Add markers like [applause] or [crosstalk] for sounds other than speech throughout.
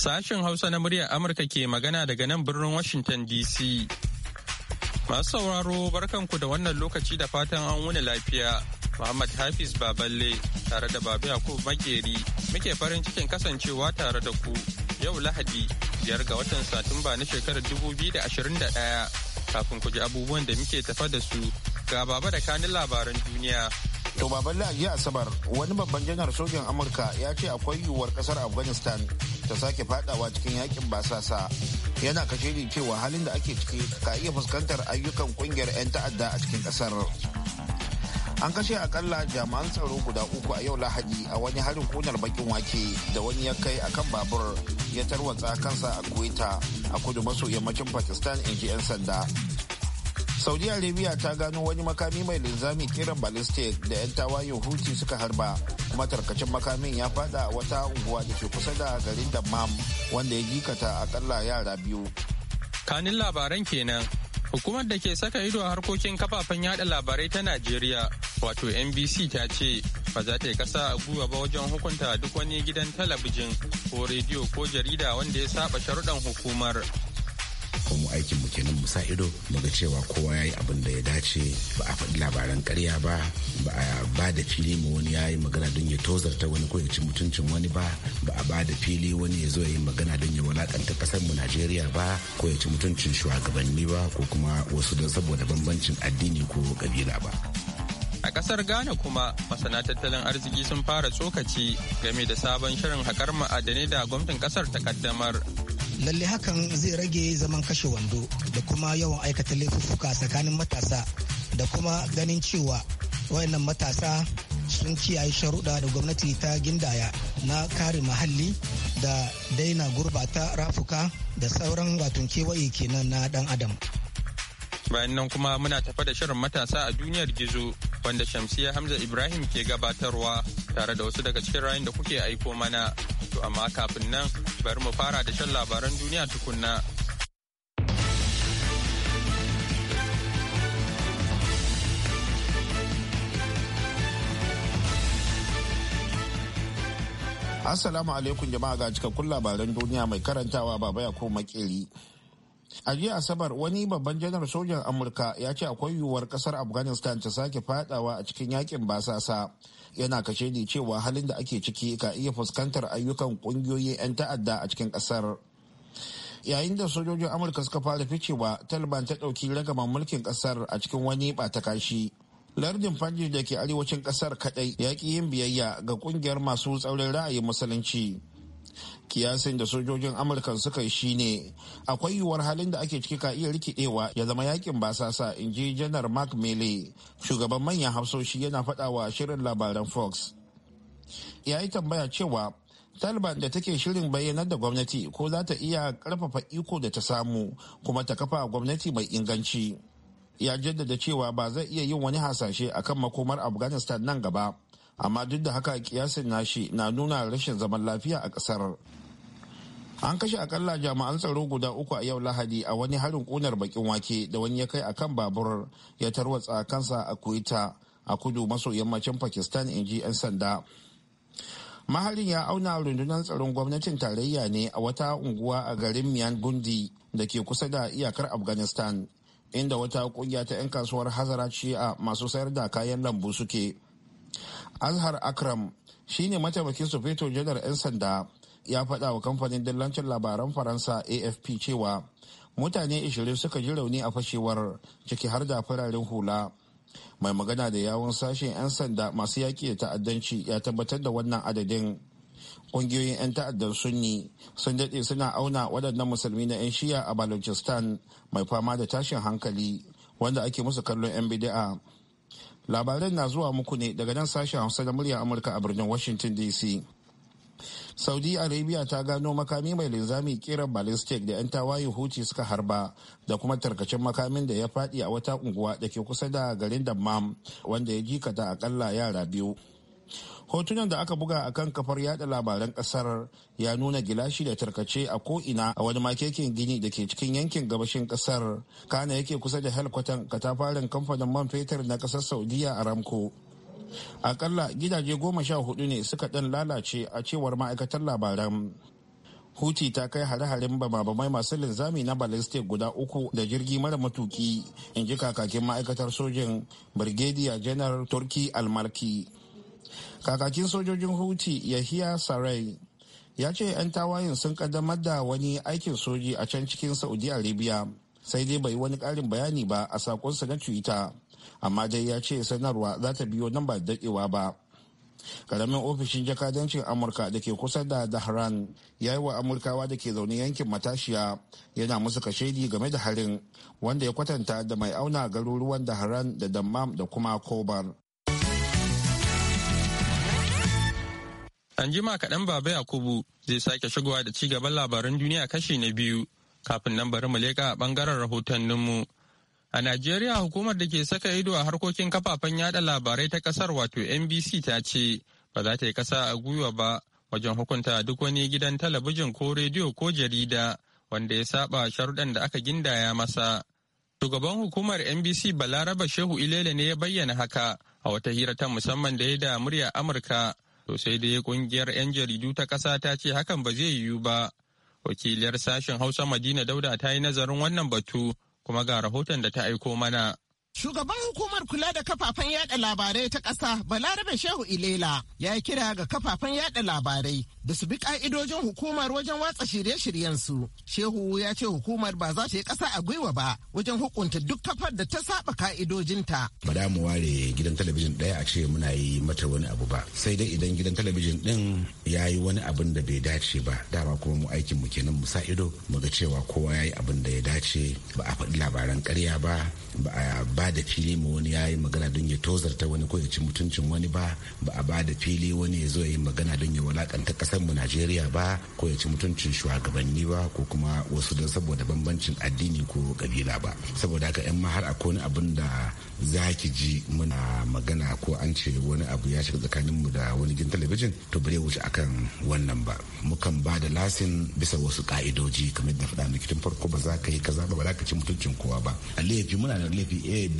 Sashen Hausa na muryar Amurka ke magana daga nan birnin Washington DC. Masu sauraro barkanku da wannan lokaci da fatan an wuni lafiya. Muhammad Hafiz Baballe tare da Babu Yakub Makeri muke farin cikin kasancewa tare da ku yau Lahadi biyar ga watan Satumba na shekarar 2021 kafin ku ji abubuwan da muke tafa da su ga baba da kanin labaran duniya. To Baballe a Asabar wani babban janar sojin Amurka ya ce akwai yiwuwar kasar Afghanistan ta sake fadawa cikin yakin basasa yana kashe kashiri cewa halin da ake ciki ka iya fuskantar ayyukan kungiyar 'yan ta'adda a cikin kasar an kashe akalla jami'an tsaro guda uku a yau lahadi a wani harin kunar bakin wake da wani ya kai akan babur ya tarwatsa kansa a kuwaita a kudu maso yammacin pakistan in ji 'yan sanda saudi arabia ta gano wani makami mai linzami kiran ballistic da 'yan tawayen huti suka harba kuma tarkacin makamin ya fada wata unguwa da ke kusa da garin dammam wanda ya jikata akalla yara biyu kanin labaran kenan hukumar da ke saka ido a harkokin kafafen yada labarai ta najeriya wato nbc ta ce ba za ta yi kasa a gwiwa ba wajen hukunta duk wani gidan talabijin ko rediyo ko jarida wanda ya saba sharuɗan hukumar ko mu aikin mu kenan mu sa ido mu ga cewa kowa ya yi abin da ya dace ba a faɗi labaran ƙarya ba ba a ba da fili ma wani yayi magana don ya tozarta wani ko ya ci mutuncin wani ba ba a ba da fili wani ya zo ya yi magana don ya wulakanta ƙasar mu Najeriya ba ko ya ci mutuncin shugabanni ba ko kuma wasu don saboda bambancin addini ko ƙabila ba. A ƙasar Ghana kuma masana tattalin arziki sun fara tsokaci game da sabon shirin haƙar ma'adanai da gwamnatin ƙasar ta ƙaddamar. lalle hakan zai rage zaman kashe wando da kuma yawan aikata laifuffuka tsakanin matasa da kuma ganin cewa wayannan matasa sun kiyaye sharuɗa da gwamnati ta gindaya na kare muhalli da daina gurbata rafuka da sauran watan kewaye kenan na dan adam bayan nan kuma muna tafa da shirin matasa a duniyar gizo wanda Shamsiya Hamza Ibrahim ke gabatarwa tare da wasu daga cikin rayun da kuke aiko mana. To amma kafin nan bari mu fara da shan labaran duniya tukunna. Assalamu alaikum jama'a ga cikakkun labaran duniya mai karantawa baba ya ko makeri. a jiya asabar wani babban janar sojan amurka ya ce akwai yiwuwar kasar afghanistan ta sake fadawa a cikin yakin basasa yana kashe ni cewa halin da ake ciki ka iya fuskantar ayyukan kungiyoyin 'yan ta'adda a cikin kasar yayin da sojojin amurka suka fara ficewa taliban ta ɗauki ragaman mulkin kasar a cikin wani ɓata kashi lardin fanji da ke arewacin kasar kadai ya ƙi yin biyayya ga ƙungiyar masu tsaurin ra'ayin musulunci kiyasin da sojojin amurka suka yi shine akwai yiwuwar halin da ake ciki ka iya rikidewa ya zama yakin basasa in ji janar mark mele shugaban manyan hafsoshi yana faɗawa shirin labaran fox ya yi tambaya cewa taliban da take shirin bayyanar da gwamnati ko za ta iya karfafa iko da ta samu kuma ta kafa gwamnati mai inganci ya jaddada cewa ba zai iya yin wani hasashe akan makomar afghanistan nan gaba amma duk da haka kiyasin nashi na nuna rashin zaman lafiya a kasar an kashe akalla jami'an tsaro guda uku a yau lahadi a wani harin kunar bakin wake da wani ya kai akan babur ya tarwatsa kansa a kuita a kudu maso yammacin pakistan in ji 'yan sanda maharin ya auna rundunar tsaron gwamnatin tarayya ne a wata unguwa a garin miyan gundi da ke kusa da iyakar afghanistan inda wata kungiya ta 'yan kasuwar hazara ce a masu sayar da kayan lambu suke azhar akram shine mataimakin sufeto janar 'yan sanda ya faɗa wa kamfanin dillancin labaran faransa afp cewa mutane 20 suka ji rauni a fashewar ciki har da fararen hula mai magana da yawon sashen 'yan sanda masu yaƙi da ta'addanci ya tabbatar da wannan adadin ƙungiyoyin 'yan ta'addan sunni sun daɗe suna auna waɗannan musulmi na 'yan shiya a balochistan mai fama da tashin hankali wanda ake musu kallon 'yan bidi'a. labaran na zuwa muku ne daga nan sashen hausa da murya amurka a birnin washington dc saudi arabia ta gano makami mai linzami kiran ballistic da 'yan tawaye huti suka harba da kuma tarkacen makamin da ya fadi a wata unguwa da ke kusa da garin dammam wanda ya jikata akalla yara biyu hotunan da aka buga a kan kafar yada labaran kasar ya nuna gilashi da tarkace a ko'ina a wani makekin gini da ke cikin yankin gabashin kasar kana yake kusa da helkwatan katafarin kamfanin man fetur na kasar saudiya aramco akalla gidaje goma sha hudu ne suka dan lalace a cewar ma'aikatar labaran Huti ta kai hare-haren bababamai masu linzami na ballistic guda uku da jirgi mara matuki, in ji kakakin ma'aikatar sojin birgediya janar Turki Almarki. kakakin sojojin huti yahiya sarai ya ce 'yan tawayen sun kaddamar da wani aikin soji a can cikin saudi arabia sai dai bai wani karin bayani ba a sakonsa na twitter amma dai ya ce sanarwa za ta biyo nan ba daɗewa ba karamin ofishin jakadancin amurka da ke kusa da dahran ya yi wa amurkawa da ke zaune yankin matashiya yana musu kashedi game da harin wanda ya kwatanta da mai auna garuruwan dahran da dammam da kuma kobar An ma kaɗan Baba Yakubu zai sake shigowa da ci gaban labaran duniya kashi na biyu kafin nan bari mu leƙa a ɓangaren rahotanninmu. A Najeriya hukumar da ke saka ido a harkokin kafafen yada labarai ta ƙasar wato NBC ta ce ba za ta yi ƙasa a gwiwa ba wajen hukunta duk wani gidan talabijin ko rediyo ko jarida wanda ya saba sharuɗan da aka gindaya masa. Shugaban hukumar NBC Balaraba Shehu Ilele ne ya bayyana haka a wata hira ta musamman da ya da murya Amurka To sai dai kungiyar 'yan jaridu ta ƙasa ta ce hakan ba zai yiwu ba. Wakiliyar sashen Hausa Madina Dauda ta yi nazarin wannan batu kuma ga rahoton da ta aiko mana. Shugaban hukumar kula da kafafen yada labarai ta ƙasa Balarabe Shehu Ilela ya yi kira ga kafafen yada labarai da su bi ka'idojin hukumar wajen watsa shirye shiryen su Shehu ya ce hukumar ba za ta yi kasa a gwiwa ba wajen hukunta duk kafar da ta saba ka'idojinta. Ba da mu ware gidan talabijin ɗaya a ce muna yi mata wani abu ba. Sai dai idan gidan talabijin ɗin ya yi wani abin da bai dace ba. Dama kuma mu aikin mu kenan mu sa ido mu ga cewa kowa ya yi abin da ya dace ba a faɗi labaran karya ba ba a da fili ma wani ya yi magana don ya tozarta wani ko ya ci mutuncin wani ba ba a ba da fili wani ya zo ya yi magana don ya walakanta kasar mu najeriya ba ko ya ci mutuncin shugabanni ba ko kuma wasu don saboda bambancin addini ko kabila ba saboda haka yan ma har akwai wani abin da za ki ji muna magana ko an ce wani abu ya shiga tsakaninmu da wani gin talabijin to bare wuce akan wannan ba mukan ba da lasin bisa wasu ka'idoji kamar da faɗa miki tun farko ba za ka yi kaza ba ba za ka ci mutuncin kowa ba a laifi muna da laifi a b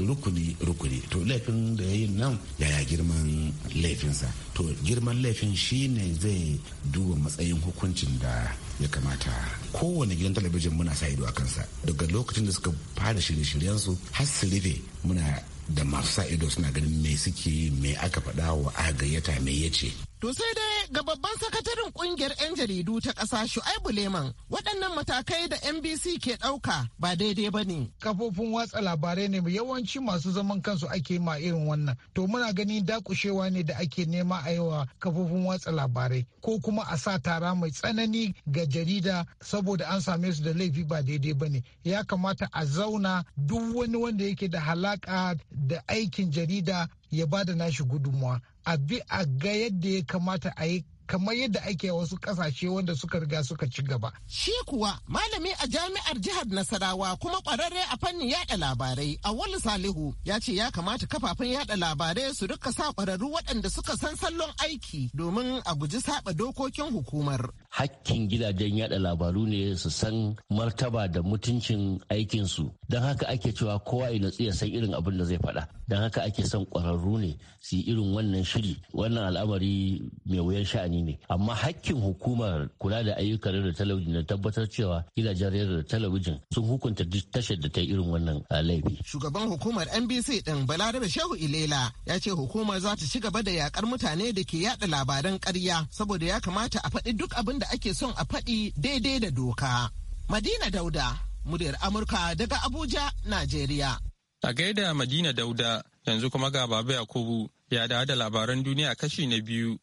rukuni rukuni to laifin da ya yi nan yaya girman laifinsa to girman laifin shi ne zai duba matsayin hukuncin da ya kamata kowane gidan talabijin muna sa ido a kansa daga lokacin da suka fara shirye-shiryensu har su rufe muna da masu sa ido suna ganin mai suke me aka faɗa wa agayyata me ya ce To sai dai ga babban sakataren kungiyar 'yan jaridu ta ƙasa Shu'aibu Leman waɗannan matakai da NBC ke ɗauka ba daidai ba ne. Kafofin watsa labarai ne yawanci masu zaman kansu ake ma irin wannan. To muna gani dakushewa ne da ake nema a yawa kafofin watsa labarai ko kuma a sa tara mai tsanani ga jarida saboda an same su da laifi ba daidai ba ne. Ya kamata a zauna duk wani wanda yake da halaka da aikin jarida ya ba da nashi gudunmuwa a bi a ga yadda ya kamata a yi kamar yadda ake wasu kasashe wanda suka riga suka ci gaba. Shi kuwa malami a jami'ar jihar Nasarawa kuma kwararre a fannin yada labarai wani Salihu ya ce ya kamata kafafen yada labarai su rika sa kwararru waɗanda suka san sallon aiki domin a guji saba dokokin hukumar. hakkin gidajen yada labaru ne su san martaba da mutuncin aikinsu don haka ake cewa kowa ya natsu ya san irin abin da zai faɗa don haka ake son ƙwararru ne su yi irin wannan shiri wannan al'amari mai wuyan sha'ani ne amma hakkin hukumar kula da ayyukan da talabijin na tabbatar cewa gidajen rediyo da talabijin sun hukunta tashar da ta yi irin wannan ah, laifi shugaban hukumar nbc din balarabe shehu ilela ya ce hukumar za ta ci gaba da yakar mutane da ke yada labaran karya saboda ya kamata a faɗi duk abin da da ake son a faɗi daidai da doka. Madina Dauda, muryar Amurka daga Abuja, Najeriya. A gaida Madina Dauda, yanzu kuma ga Baba Yakubu ya dawo da labaran duniya kashi na biyu.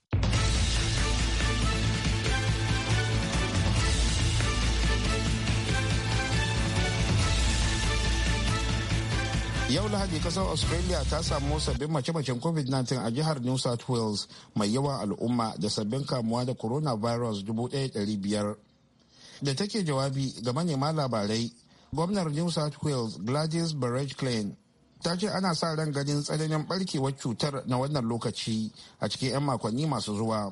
yau lahadi kasar australia ta samu sabbin mace-macen covid-19 a jihar new south wales mai yawan al'umma da sabbin kamuwa da coronavirus 1,500 da take jawabi ga manema labarai gwamnar new south wales gladys berejiklian ta ce ana sa ran ganin tsananin barkewar cutar na wannan lokaci a cikin 'yan makonni masu zuwa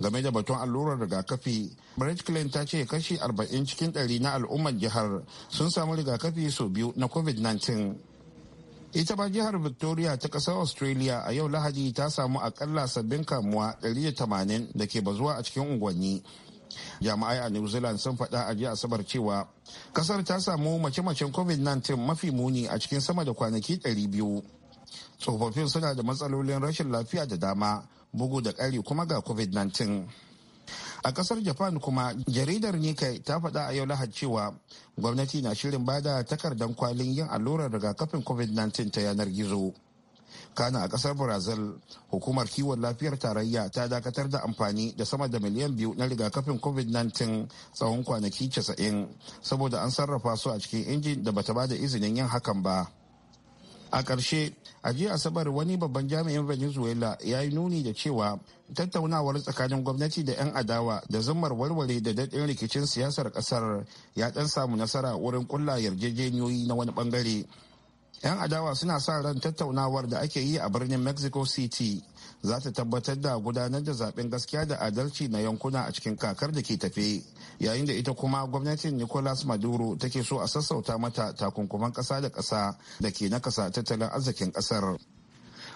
game da batun allurar rigakafi bridge clean ta ce kashi 40 cikin 100 na al'ummar jihar sun samu rigakafi sau biyu na covid-19 ita ma jihar victoria ta ƙasar australia a yau lahadi ta samu akalla sabbin kamuwa 180 da ke bazuwa a cikin unguwanni jami'ai a new zealand sun faɗa a jiya asabar cewa kasar ta samu mace-macen covid-19 mafi muni a cikin sama da kwanaki 200 tsofaffin suna da matsalolin rashin lafiya da dama bugu da ƙari kuma ga covid-19 a kasar japan kuma jaridar nikkei ta faɗa a yau lahad cewa gwamnati na shirin bada takardar kwalin yin allurar rigakafin covid-19 ta yanar gizo kana a kasar brazil hukumar kiwon lafiyar tarayya ta dakatar da amfani da sama da miliyan biyu na rigakafin covid-19 tsawon kwanaki 90 saboda an sarrafa su a cikin injin da bata bada izinin yin hakan ba a ƙarshe a jiya asabar wani babban jami'in venezuela ya yi nuni da cewa tattaunawar tsakanin gwamnati da 'yan adawa da zammar warware da daɗin rikicin siyasar ƙasar ya ɗan samu nasara wurin ƙulla yarjejeniyoyi na wani ɓangare 'yan adawa suna sa ran tattaunawar da ake yi a birnin mexico city za ta tabbatar da gudanar da zaben gaskiya da adalci na yankuna a cikin kakar da ke tafe yayin da ita kuma gwamnatin nicolas maduro take so a sassauta mata takunkuman kasa da kasa da ke na kasa tattalin arzikin kasar.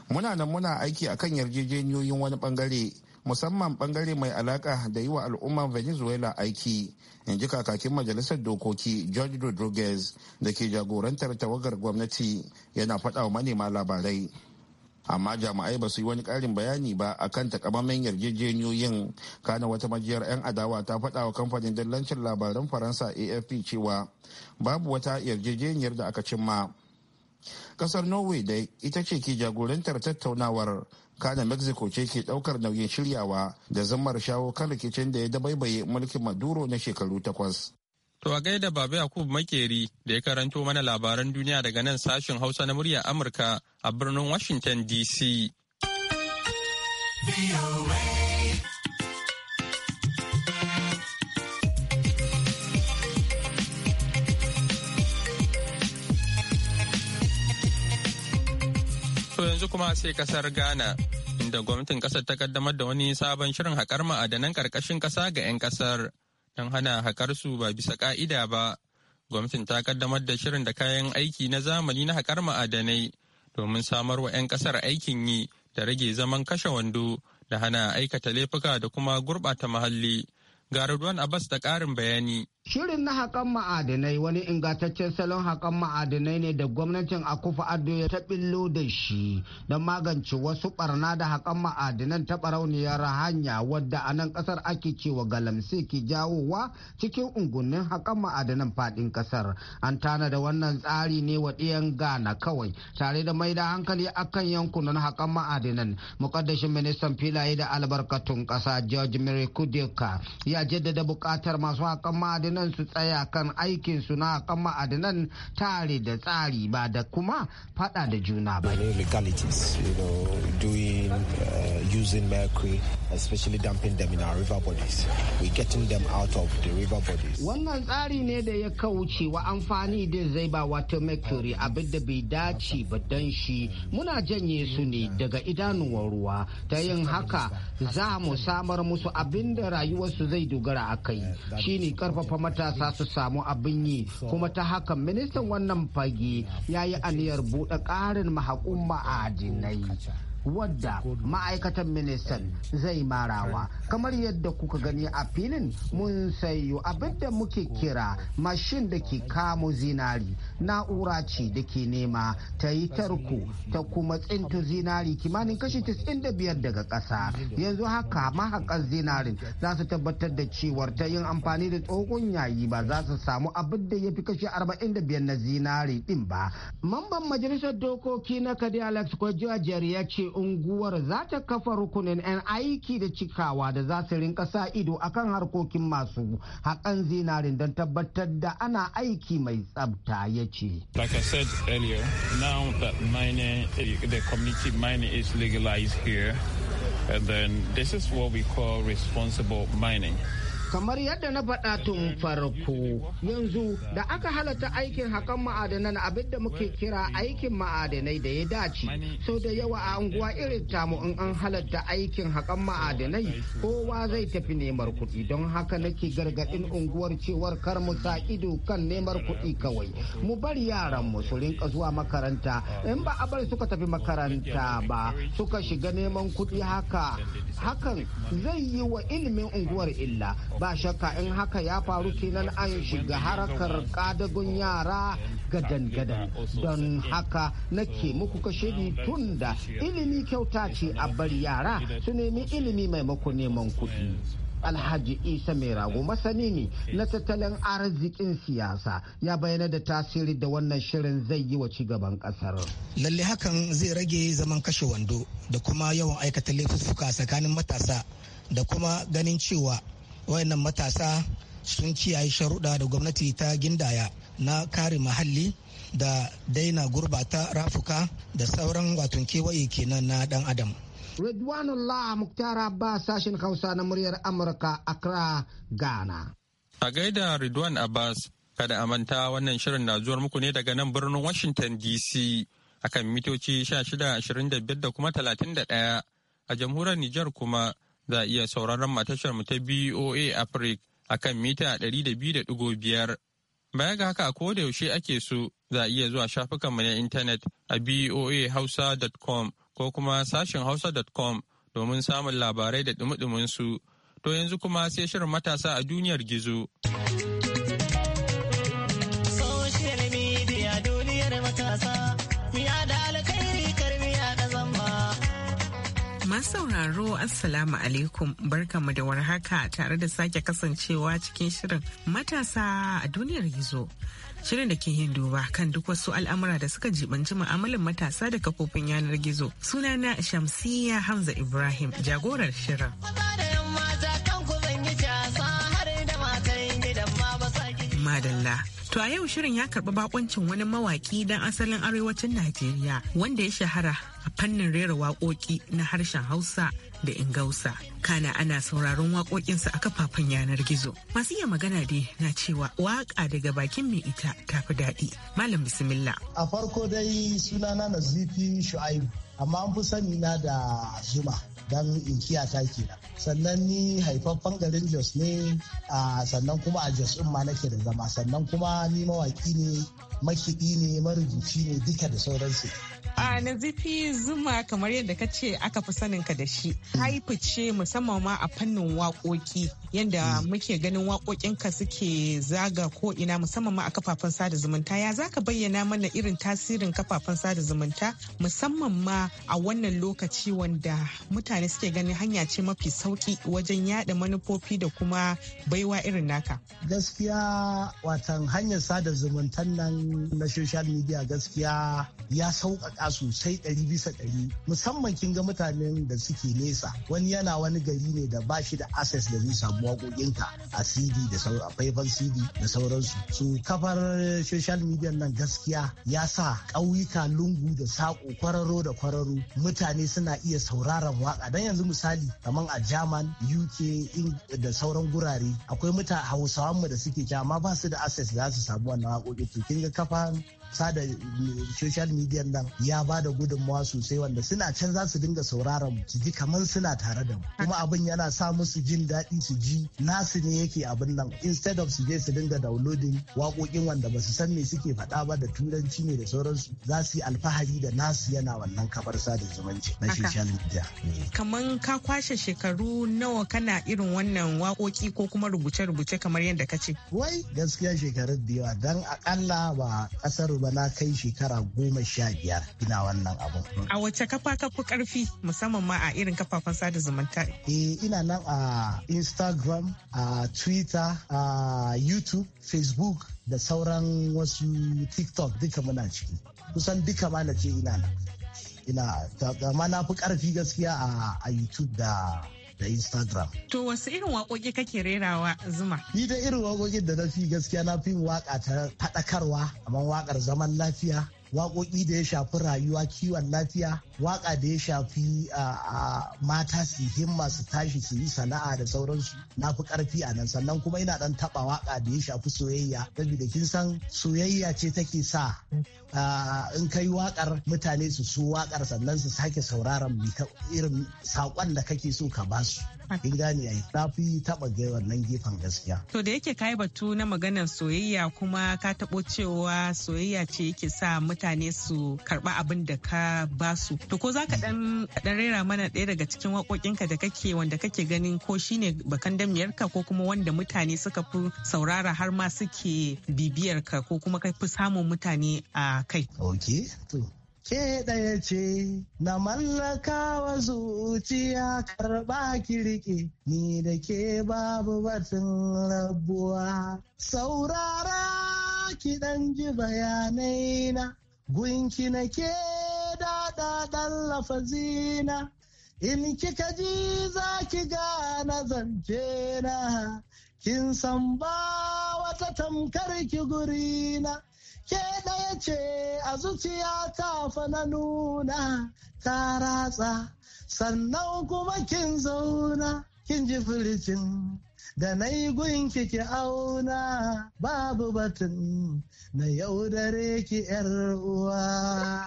muna nan muna aiki a kan yarjejeniyoyin wani bangare musamman bangare mai alaka da yi wa al'umman venezuela aiki in ji kakakin majalisar dokoki george rodriguez da ke jagorantar tawagar gwamnati yana faɗa wa manema labarai amma jami'ai ba su yi wani karin bayani ba akan takamaiman yarjejeniyoyin kana wata majiyar 'yan adawa ta faɗa wa kamfanin dallancin labaran faransa afp cewa babu wata yarjejeniyar da aka cimma kasar norway da ita ce ke jagorantar tattaunawar kana mexico ce ke daukar nauyin shiryawa da zammar shawo kan rikicin da ya dabaibaye mulkin maduro na shekaru takwas To a gaida Baba Yakub Makeri da ya karanto mana labaran duniya daga nan sashen Hausa na murya Amurka a birnin Washington DC. To yanzu kuma sai kasar Ghana. inda gwamnatin kasar ta kaddamar da wani sabon shirin haƙar ma'adanan ƙarƙashin ƙasa ga 'yan ƙasar don hana haƙarsu su ba bisa ƙa'ida ba. Gwamnatin ta ƙaddamar da shirin da kayan aiki na zamani na haƙar ma'adanai domin samar wa 'yan ƙasar aikin yi da rage zaman kashe wando da hana aikata laifuka da kuma gurɓata muhalli. Ga Abbas da ƙarin bayani. Shirin na haƙan ma'adinai wani ingantaccen salon haƙan ma'adinai ne da gwamnatin Akufa ado ya taɓillo da shi don magance wasu ɓarna da haƙan ma'adinan ta ɓarauniyar hanya wadda a nan ƙasar ake cewa galamse ke jawowa cikin ungunin hakan ma'adinan faɗin ƙasar. An tana da wannan tsari ne wa ɗiyan gana kawai tare da mai da hankali akan yankunan haƙan ma'adinan. Muƙaddashin ministan filaye da albarkatun ƙasa George Mary Kudeka ya jaddada buƙatar masu haƙan ma'adinan sannan su tsaya kan aikinsu na kan ma'adanan tare da tsari ba da kuma fada da juna ba. Uh, using mercury, especially dumping them in our river bodies. we getting them out of the river bodies. Wannan tsari ne da ya kauce wa amfani da zai ba wata mercury abin da bai dace ba dan shi muna janye su ne daga idanuwar ruwa ta yin haka za mu samar musu abin da rayuwarsu zai dogara a kai shine karfafa matasa su samu abin yi kuma ta haka ministan wannan fage ya yi aniyar buɗe ƙarin mahakun ma'adinai wadda ma'aikatan ministan zai marawa kamar yadda kuka gani a filin mun sayo abinda muke kira mashin da ke kamo zinari na'ura ce da ke nema ta yi tarko ta kuma tsinto zinari kimanin kashi 95 daga ƙasa yanzu haka mahakan zinarin za su tabbatar da cewar ta yin amfani da tsohon yayi ba za su samu abin da ya fi kashi 45 na zinari din ba mamban majalisar dokoki na kadi alex kwajiyar ya ce unguwar za ta kafa rukunin 'yan aiki da cikawa da za su rinka sa ido akan harkokin masu haƙan zinarin don tabbatar da ana aiki mai tsabta ya ce. Like I said earlier, now that mining, the community mining is legalized here, and then this is what we call responsible mining. kamar yadda na faɗa tun farko yanzu da aka halatta aikin hakan ma'adanan abinda muke kira aikin ma'adanai da ya dace sau da yawa a unguwa irin tamu in an halatta aikin hakan ma'adanai kowa zai tafi neman kuɗi don haka nake gargaɗin unguwar cewar kar mu sa ido kan neman kuɗi kawai mu bar yaran mu su rinka zuwa makaranta in ba a bar suka tafi makaranta ba suka shiga neman kuɗi haka hakan zai yi wa ilimin unguwar illa ba shakka in haka ya faru kenan an shiga harkar kadagun yara gadan-gadan don haka nake muku ni tun da ilimi kyauta ce a bar yara su nemi ilimi maimakon neman kuɗi. alhaji isa mai rago masani ne na tattalin arzikin siyasa ya bayyana da tasiri da wannan shirin zai yi wa cigaban kasar lalle hakan zai rage zaman kashe wando da kuma yawan aikata laifuffuka tsakanin matasa da kuma ganin cewa wayannan matasa sun kiyaye sharuɗa da gwamnati ta gindaya na kare muhalli da daina gurbata rafuka da sauran watan kewaye kenan na dan adam allah Muktar Abbas sashen Hausa na muryar Amurka Accra Ghana A gaida Ridwan Abbas kada a manta wannan shirin na zuwar muku ne daga nan birnin Washington DC akan mitoci 1625 da kuma 31 a jamhuriyar Nijar kuma Za a iya sauraron matashar mu ta BOA Africa a kan mita 200.5. Baya ga haka ko da yaushe ake so za a iya zuwa shafukan mu na intanet a boahausa.com ko kuma sashen hausa.com domin samun labarai da dumi su. To yanzu kuma sai shirin matasa a duniyar gizo. sauraro Assalamu alaikum barkamu da warhaka tare da sake kasancewa cikin shirin matasa a duniyar gizo. Shirin da ke yin duba kan duk wasu al'amura da suka jibanci mu'amalan matasa da kafofin yanar gizo. Sunana Shamsiyya Hamza Ibrahim jagorar shirin. Madalla. To a yau shirin ya karɓi bakoncin wani mawaƙi dan asalin arewacin Najeriya wanda ya shahara a fannin rera waƙoƙi na harshen Hausa da Ingausa. Kana ana sauraron waƙoƙinsa a kafafen yanar gizo. Masu iya magana dai na cewa waƙa daga bakin mai ita tafi daɗi. Malam Bismillah. A farko dai sunana Nazifi Shu'aibu amma an fi sani na da Zuma. don in kiyata kenan sannan ni haifaffen garin jos ne sannan kuma a jos in ma nake da zama sannan kuma ni mawaki ne makiɗi ne marubuci ne duka da sauransu A nazifi zuma kamar yadda ka ce aka fi sanin ka da shi. Haifu ce musamman ma a fannin waƙoƙi yadda muke ganin waƙoƙinka suke zaga ko ina musamman ma a kafafen sada zumunta ya zaka bayyana mana irin tasirin kafafen sada zumunta musamman ma a wannan lokaci wanda mutane suke ganin hanya ce mafi sauki wajen yada manufofi da kuma baiwa irin naka. Gaskiya watan hanyar sada zumuntan nan na social media gaskiya ya sauƙaƙa alaƙa sosai ɗari bisa ɗari musamman kin ga mutanen da suke nesa wani yana wani gari ne da ba shi da access da zai samu ka a cd da faifan cd da sauransu su kafar social media nan gaskiya ya sa ƙauyuka lungu da saƙo kwararo da kwararo mutane suna iya sauraron waƙa dan yanzu misali kamar a german uk da sauran gurare akwai mutane hausawan mu da suke amma ba su da access da za su samu wannan waƙoƙi to kin ga kafar. sada eh, social media nan ya ba da gudunmawa sosai wanda suna can za su dinga sauraron mu su ji kamar suna tare da mu kuma abin yana sa musu jin daɗi su ji nasu ne yake abin nan instead of su je su dinga downloading waƙoƙin wanda ba su san me suke faɗa ba da turanci ne da sauransu za su yi alfahari da nasu yana wannan kamar sada zumunci na social media. Eh. Kaman ka kwashe shekaru nawa kana irin wannan waƙoƙi ko kuma rubuce-rubuce kamar yadda ka ce. Wai gaskiya shekaru da yawa don akalla ba kasar. ba na kai shekara goma sha biyar ina wannan abun. A wace kafa ka fi karfi musamman ma a irin kafafen sada zumunta? Eh ina nan a Instagram, a Twitter, a YouTube, Facebook da sauran wasu TikTok duka muna ciki. Kusan duka ma na ce ina nan. Ina, amma na fi karfi gaskiya a YouTube da da Instagram. To wasu irin waƙoƙi kake rerawa Zuma? Ni da irin waƙoƙin da na fi gaskiya na fi waƙa ta faɗakarwa, kamar waƙar zaman lafiya, waƙoƙi da ya shafi rayuwa kiwon lafiya waƙa da ya shafi mata su himma su tashi su yi sana'a da sauransu na fi ƙarfi a nan sannan kuma ina ɗan taɓa waƙa da ya shafi soyayya saboda kin san soyayya ce take sa in kai waƙar mutane su so waƙar sannan su sake sauraron irin saƙon da kake so ka basu. Kin gane ai na fi taɓa wannan gefen gaskiya. To da yake kai batu na maganar soyayya kuma ka taɓo cewa soyayya ce yake sa mutane su karba abin da ka ba su to ko za ka dan rera mana ɗaya daga cikin waƙoƙinka da kake wanda kake ganin ko shine bakan damiyarka ko kuma wanda mutane suka fi saurara har ma suke bibiyar ka ko kuma ka fi samun mutane a kai ok ke ɗaya ce na mallaka mallakawa zuciya karɓa kirki ni da ke babu batun rabuwa saurara kiɗan ji bayanai na gunki na ke daɗaɗan lafazina in kika ji za ki gana zance na kin san ba wata tamkar ki na ke ɗaya ce a zuciya ta fa na nuna ta ratsa sannan kuma kin zauna kin ji firicin da na yi guyin kike auna babu batun na yaudare ki yar uwa.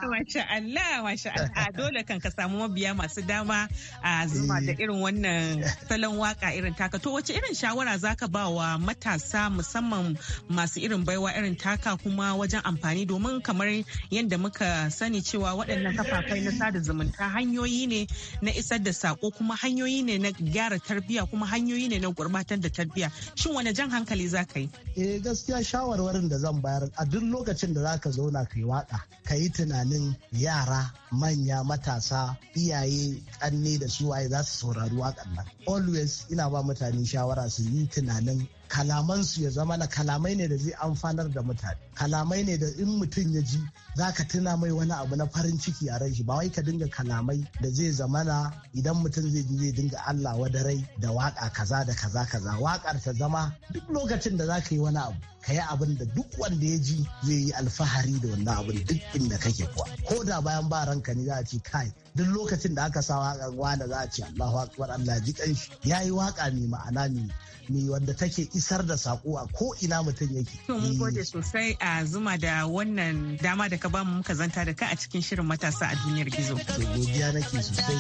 [laughs] Masha Allah, masha Allah, dole kan ka samu mabiya masu dama a zuma da eh. irin wannan salon waka irin taka. To wace irin shawara za ka ba wa matasa musamman masu irin baiwa irin taka kuma wajen amfani domin kamar yadda muka sani cewa waɗannan kafafai na sada zumunta hanyoyi ne na isar da sako kuma hanyoyi ne na gyara tarbiyya kuma hanyoyi ne na gurbatar da shin wani jan hankali za ka yi eh gaskiya shawarwarin da zan bayar a duk lokacin da zaka zauna ka yi waka ka yi tunanin yara manya matasa iyaye kanne da suwaye za su saurari wakan nan always ina ba mutane shawara su yi tunanin kalamansu ya zama na kalamai ne da zai amfanar da mutane kalamai ne da in mutum ya ji za ka tuna mai wani abu na farin ciki a rai ba wai ka dinga kalamai da zai zama na idan mutum zai ji zai dinga Allah wadarai da waka kaza da kaza kaza wakar ta zama duk lokacin da za ka yi wani abu ka yi abin da duk wanda ya ji zai yi alfahari da wannan abin duk inda kake kuwa ko da bayan ba ranka ne za a ce kai duk lokacin da aka sa waka wani za a ce Allahu akbar Allah ji kanshi yayi waka mai ma'ana ne ne wanda take isar da sako a ko ina mutum yake. To mun gode sosai a zuma da wannan dama da ka ba mu muka zanta da ka a cikin shirin matasa a duniyar gizo. To godiya nake sosai.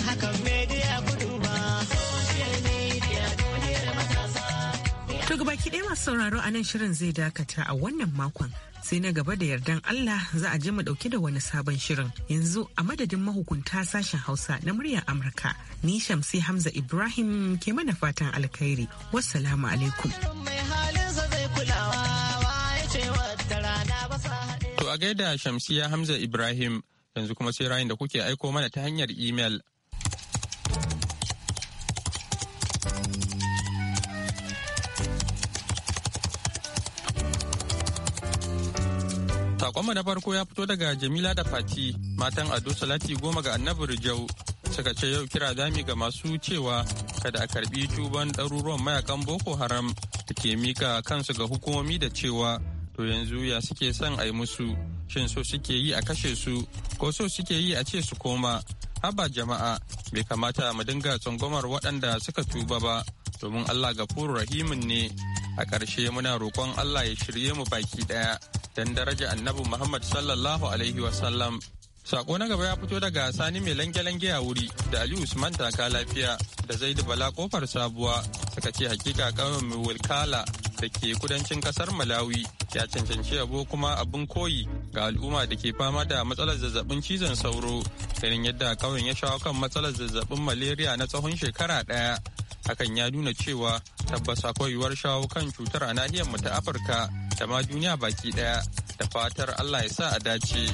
Haka media To gabaki ɗaya masu sauraro a nan shirin zai dakata a wannan makon. Sai na gaba da yardan Allah za a je mu ɗauki da wani sabon shirin. Yanzu a madadin mahukunta sashen Hausa na muryar Amurka, ni Shamsi Hamza Ibrahim ke mana fatan alkhairi. Wassalamu alaikum. To a gaida Shamsiya Hamza Ibrahim yanzu kuma sai rayin da kuke aiko mana ta hanyar imel. Sakonmu na farko ya fito daga Jamila da Fati, matan Ado Salati goma ga Annabi Rijau. Suka ce yau kira zami ga masu cewa kada a karbi tuban ɗaruruwan mayakan Boko Haram da ke mika kansu ga hukumomi da cewa to yanzu ya suke son a yi musu shin so suke yi a kashe su ko so suke yi a ce su koma haba jama'a bai kamata mu dinga tsangwamar waɗanda suka tuba ba domin Allah gafuru rahimin ne a ƙarshe muna roƙon Allah ya shirye mu baki ɗaya don daraja annabi Muhammad sallallahu Alaihi wasallam. Sako na gaba ya fito daga Sani mai lange-lange a wuri da Ali Usman taka lafiya da Zaidu Bala kofar sabuwa suka ce hakika kauyen Wilkala da ke kudancin kasar Malawi ya cancanci yabo kuma abin koyi ga al'umma da ke fama da matsalar zazzabin cizon sauro ganin yadda kawai ya shawo kan matsalar zazzabin malaria na tsawon shekara ɗaya hakan ya nuna cewa tabbas akwai yiwuwar shawo kan cutar a nahiyar mu ta afirka da ma duniya baki daya da fatar allah ya sa a dace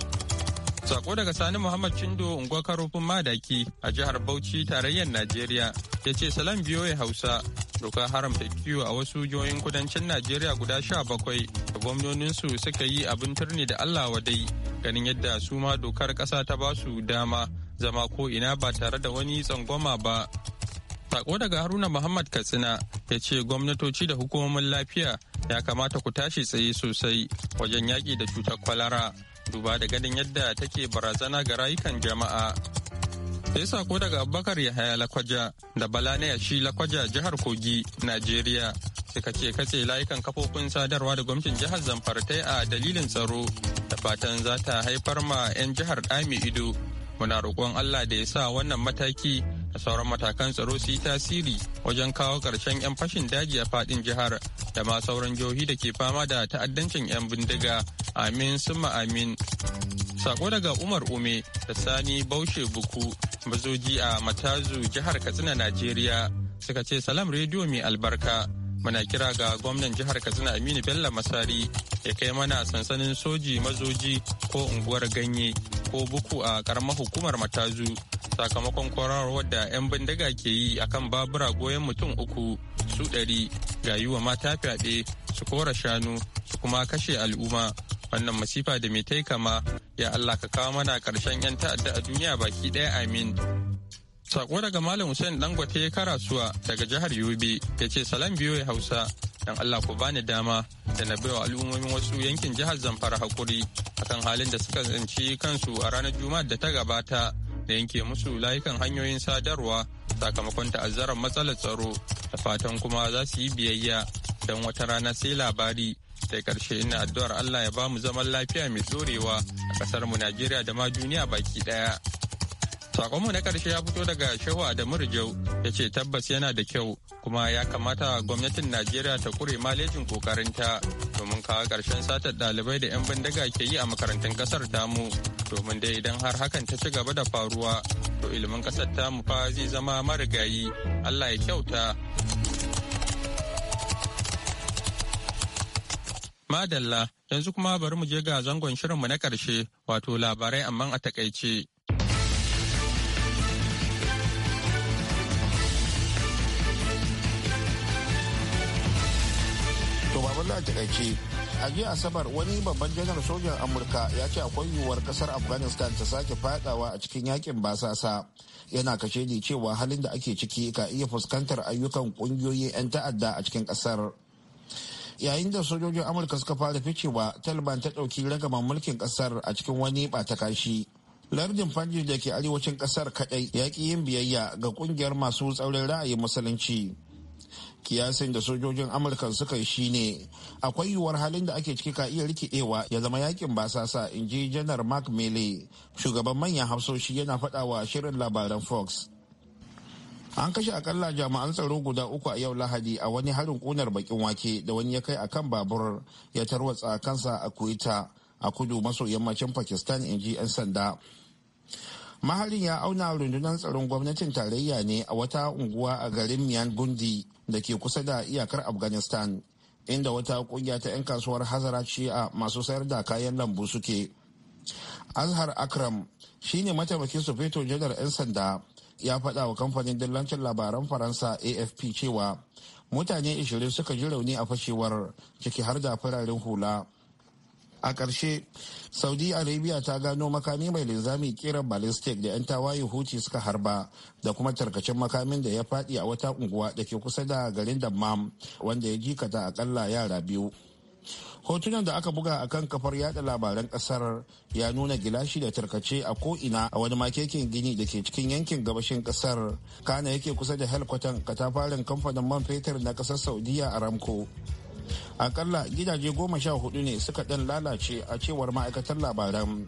sako daga sani muhammad cindo unguwa karofin madaki a jihar bauchi tarayyar najeriya ya ce salam biyo ya hausa doka haramta kiwo a wasu jihohin kudancin najeriya guda sha bakwai da gwamnoninsu suka yi abin turni da allah wadai ganin yadda su ma dokar kasa ta basu dama zama ko ina ba tare da wani tsangwama ba Sako daga Haruna Muhammad Katsina ya ce gwamnatoci da hukumomin lafiya ya kamata ku tashi tsaye sosai wajen yaƙi da cutar kwalara duba da ganin yadda take barazana ga rayukan jama'a. Sai sako daga Abubakar Yahaya Lakwaja da Bala na yashi Lakwaja jihar Kogi, Najeriya. Suka ce katse layukan kafofin sadarwa da gwamnatin jihar Zamfara ta a dalilin tsaro da fatan za ta haifar ma 'yan jihar ɗami ido. Muna roƙon Allah da ya sa wannan mataki da sauran matakan tsaro su yi tasiri wajen kawo ƙarshen 'yan fashin daji a faɗin jihar da ma sauran jihohi da ke fama da ta'addancin 'yan bindiga amin summa amin sako daga umar ume da sani baushe buku mazoji a matazu jihar katsina najeriya suka ce salam rediyo mai albarka muna kira ga gwamnan jihar katsina aminu bello masari ya kai mana sansanin soji mazoji ko unguwar ganye ko buku a karamar hukumar matazu sakamakon kwararwar da 'yan bindiga ke yi akan babura goyon mutum uku su ɗari ga yi wa mata fyaɗe su kora shanu su kuma kashe al'umma wannan masifa da mai taikama ya Allah ka kawo mana karshen 'yan ta'adda a duniya baki ɗaya amin. Sako daga Malam Hussein Dangote suwa daga jihar Yobe ya ce salam biyo ya Hausa dan Allah ku bani dama da na baiwa al'ummomin wasu yankin jihar Zamfara hakuri akan halin da suka tsinci kansu a ranar Juma'a da ta gabata da yanke musu layukan hanyoyin sadarwa sakamakon ta'azzarar matsalar tsaro da fatan kuma za su yi biyayya don wata rana sai labari da karshe ina addu'ar Allah ya ba mu zaman lafiya mai tsorewa a kasar mu Najeriya da ma duniya baki daya. Sakonmu na karshe ya fito daga Shehu da murjau ya ce tabbas yana da kyau kuma ya kamata gwamnatin Najeriya ta kure malejin kokarinta domin kawo karshen satar ɗalibai da 'yan bindiga ke yi a makarantun kasar tamu domin dai idan har hakan ta ci gaba da faruwa to ilimin kasar ta mu fa zai zama marigayi allah ya kyauta madalla yanzu kuma bari mu je ga zangon shirinmu na karshe wato labarai amma a takaice to babu na takaice a jiya asabar wani babban janar sojan amurka ya ce akwai yiwuwar kasar afghanistan ta sake fadawa a cikin yakin basasa yana kashe ni cewa halin da ake ciki ka iya fuskantar ayyukan kungiyoyin 'yan ta'adda a cikin kasar yayin da sojojin amurka suka fara ficewa taliban ta ɗauki ragaman mulkin kasar a cikin wani ɓata kashi lardin fanji da ke arewacin kasar kadai ya ƙi yin biyayya ga kungiyar masu tsaurin ra'ayin musulunci kiyasin da sojojin amurka suka yi shine akwai yiwuwar halin da ake ciki ka iya rikidewa ya zama yakin basasa in ji janar mark mele shugaban manyan hafsoshi yana faɗa wa shirin labaran fox an kashe akalla jami'an tsaro guda uku a yau lahadi a wani harin kunar bakin wake da wani ya kai akan babur ya tarwatsa kansa a kuita a kudu maso yammacin pakistan in ji 'yan sanda maharin ya auna rundunar tsaron gwamnatin tarayya ne a wata unguwa a garin miyan gundi da ke kusa da iyakar afghanistan inda wata kungiya ta 'yan kasuwar hazara shi'a masu sayar da kayan lambu suke azhar akram shine mataimakin Sufeto janar 'yan sanda ya faɗa wa kamfanin dillancin labaran faransa afp cewa mutane 20 suka ji rauni a fashewar ciki har da fararen hula a ƙarshe saudi arabia ta gano makami mai linzami kiran ballistic da 'yan tawaye huti suka harba da kuma tarkacen makamin da ya faɗi a wata unguwa da ke kusa da garin dammam wanda ya jikata akalla yara biyu hotunan da aka buga a kan kafar yada labaran kasar ya nuna gilashi da tarkace a ko'ina a wani makekin gini da ke cikin yankin gabashin kasar kana yake kusa da helkwatan katafaren kamfanin man fetur na kasar saudiya aramco akalla gidaje goma sha hudu ne suka ɗan lalace a cewar ma'aikatar labaran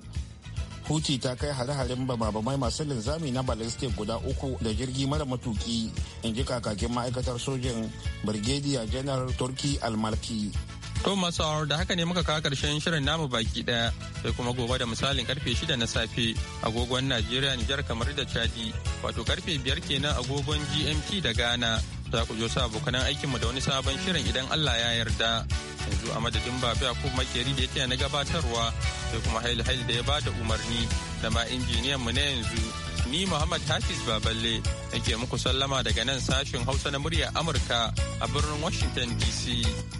huti ta kai hare-haren bama masu linzami na ballistic guda uku da jirgi mara matuki in ji kakakin ma'aikatar sojin brigadier janar turki almarki. to masu da haka ne muka kawo karshen shirin namu baki daya sai kuma gobe da misalin karfe 6 na safe agogon najeriya nijar kamar da chadi wato karfe 5 kenan agogon gmt da ghana za ku sa abokanan aikinmu da wani sabon shirin idan Allah ya yarda. Yanzu a madadin babu ko makeri da yake na gabatarwa sai kuma hail hail da ya ba da umarni da ma injiniyan mu na yanzu. Ni Muhammad Hafiz Baballe nake muku sallama daga nan sashin Hausa na muryar Amurka a birnin Washington DC.